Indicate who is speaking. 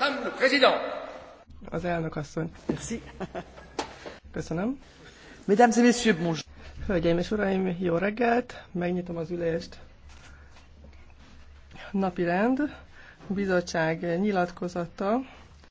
Speaker 1: Madame le Président!
Speaker 2: Az elnök asszony. Merci. Köszönöm. Mesdames et messieurs, bonjour. Hölgyeim és uraim, jó reggelt! Megnyitom az ülést. Napi
Speaker 3: rend, bizottság nyilatkozata.